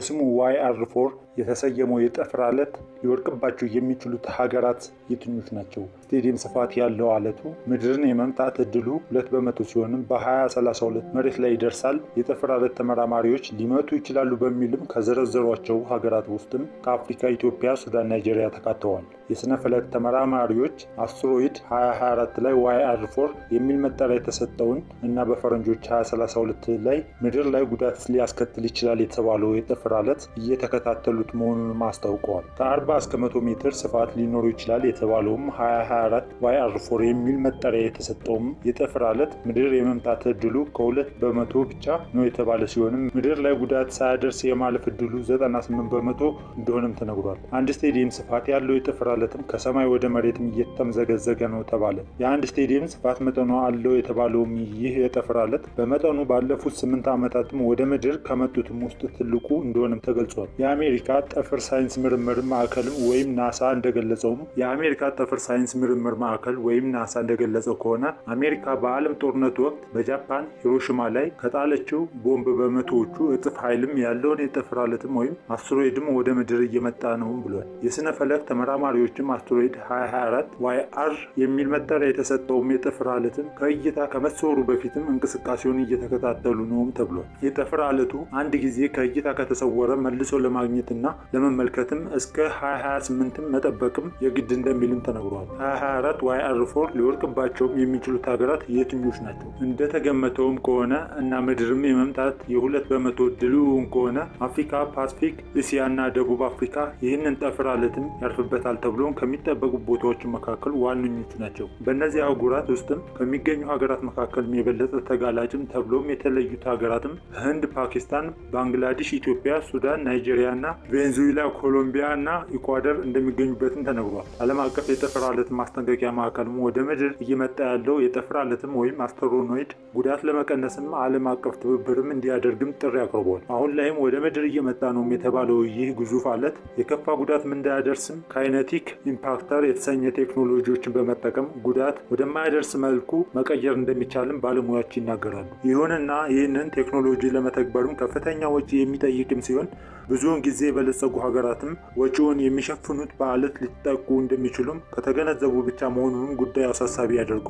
በስሙ ዋይ አር ፎር የተሰየመው የጠፈር አለት ሊወድቅባቸው የሚችሉት ሀገራት የትኞች ናቸው? ስቴዲየም ስፋት ያለው አለቱ ምድርን የመምታት እድሉ ሁለት በመቶ ሲሆንም በ2032 መሬት ላይ ይደርሳል። የጠፈር አለት ተመራማሪዎች ሊመቱ ይችላሉ በሚልም ከዘረዘሯቸው ሀገራት ውስጥም ከአፍሪካ ኢትዮጵያ፣ ሱዳን፣ ናይጄሪያ ተካተዋል። የሥነ ፈለክ ተመራማሪዎች አስትሮይድ 2024 ላይ ዋይአር ፎር የሚል መጠሪያ የተሰጠውን እና በፈረንጆች 2032 ላይ ምድር ላይ ጉዳት ሊያስከትል ይችላል የተባለው የጥፍር አለት እየተከታተሉት መሆኑንም አስታውቀዋል። ከ40 እስከ 100 ሜትር ስፋት ሊኖረው ይችላል የተባለውም 2024 ዋይአር ፎር የሚል መጠሪያ የተሰጠውም የጥፍር አለት ምድር የመምታት እድሉ ከሁለት በመቶ ብቻ ነው የተባለ ሲሆንም ምድር ላይ ጉዳት ሳያደርስ የማለፍ እድሉ 98 በመቶ እንደሆነም ተነግሯል። አንድ ስቴዲየም ስፋት ያለው የጥፍር ማለትም ከሰማይ ወደ መሬትም እየተምዘገዘገ ነው ተባለ። የአንድ ስቴዲየም ስፋት መጠኗ አለው የተባለውም ይህ የጠፈር አለት በመጠኑ ባለፉት ስምንት ዓመታትም ወደ ምድር ከመጡትም ውስጥ ትልቁ እንደሆነም ተገልጿል። የአሜሪካ ጠፈር ሳይንስ ምርምር ማዕከልም ወይም ናሳ እንደገለጸውም የአሜሪካ ጠፈር ሳይንስ ምርምር ማዕከል ወይም ናሳ እንደገለጸው ከሆነ አሜሪካ በዓለም ጦርነት ወቅት በጃፓን ሂሮሽማ ላይ ከጣለችው ቦምብ በመቶዎቹ እጥፍ ኃይልም ያለውን የጠፈር አለትም ወይም አስትሮይድም ወደ ምድር እየመጣ ነው ብሏል። የስነ ፈለክ ተመራማሪዎች ሌሎችም አስትሮይድ 224 ዋይ አር የሚል መጠሪያ የተሰጠውም የጥፍር አለትም ከእይታ ከመሰወሩ በፊትም እንቅስቃሴውን እየተከታተሉ ነውም ተብሏል። የጥፍር አለቱ አንድ ጊዜ ከእይታ ከተሰወረ መልሶ ለማግኘትና ለመመልከትም እስከ 2028ም መጠበቅም የግድ እንደሚልም ተነግሯል። 2024 ዋይ አር ፎር ሊወድቅባቸውም የሚችሉት ሀገራት የትኞች ናቸው? እንደተገመተውም ከሆነ እና ምድርም የመምጣት የሁለት በመቶ ድልውን ከሆነ አፍሪካ፣ ፓስፊክ፣ እስያ እና ደቡብ አፍሪካ ይህንን ጠፈር አለትም ያርፍበታል ተብሎ ተብለውን ከሚጠበቁ ቦታዎች መካከል ዋነኞቹ ናቸው። በእነዚህ አህጉራት ውስጥም ከሚገኙ ሀገራት መካከልም የበለጠ ተጋላጭም ተብለውም የተለዩት ሀገራትም ህንድ፣ ፓኪስታን፣ ባንግላዴሽ፣ ኢትዮጵያ፣ ሱዳን፣ ናይጄሪያ እና ቬንዙዌላ፣ ኮሎምቢያ እና ኢኳዶር እንደሚገኙበትም ተነግሯል። ዓለም አቀፍ የጠፈር አለት ማስጠንቀቂያ ማዕከልም ወደ ምድር እየመጣ ያለው የጠፈር አለትም ወይም አስተሮኖይድ ጉዳት ለመቀነስም ዓለም አቀፍ ትብብርም እንዲያደርግም ጥሪ አቅርቧል። አሁን ላይም ወደ ምድር እየመጣ ነው የተባለው ይህ ግዙፍ አለት የከፋ ጉዳትም እንዳያደርስም ካይነቲክ ኢምፓክተር የተሰኘ ቴክኖሎጂዎችን በመጠቀም ጉዳት ወደማያደርስ መልኩ መቀየር እንደሚቻልም ባለሙያዎች ይናገራሉ። ይሁንና ይህንን ቴክኖሎጂ ለመተግበሩም ከፍተኛ ወጪ የሚጠይቅም ሲሆን ብዙውን ጊዜ የበለጸጉ ሀገራትም ወጪውን የሚሸፍኑት በአለት ሊጠቁ እንደሚችሉም ከተገነዘቡ ብቻ መሆኑንም ጉዳይ አሳሳቢ ያደርገዋል።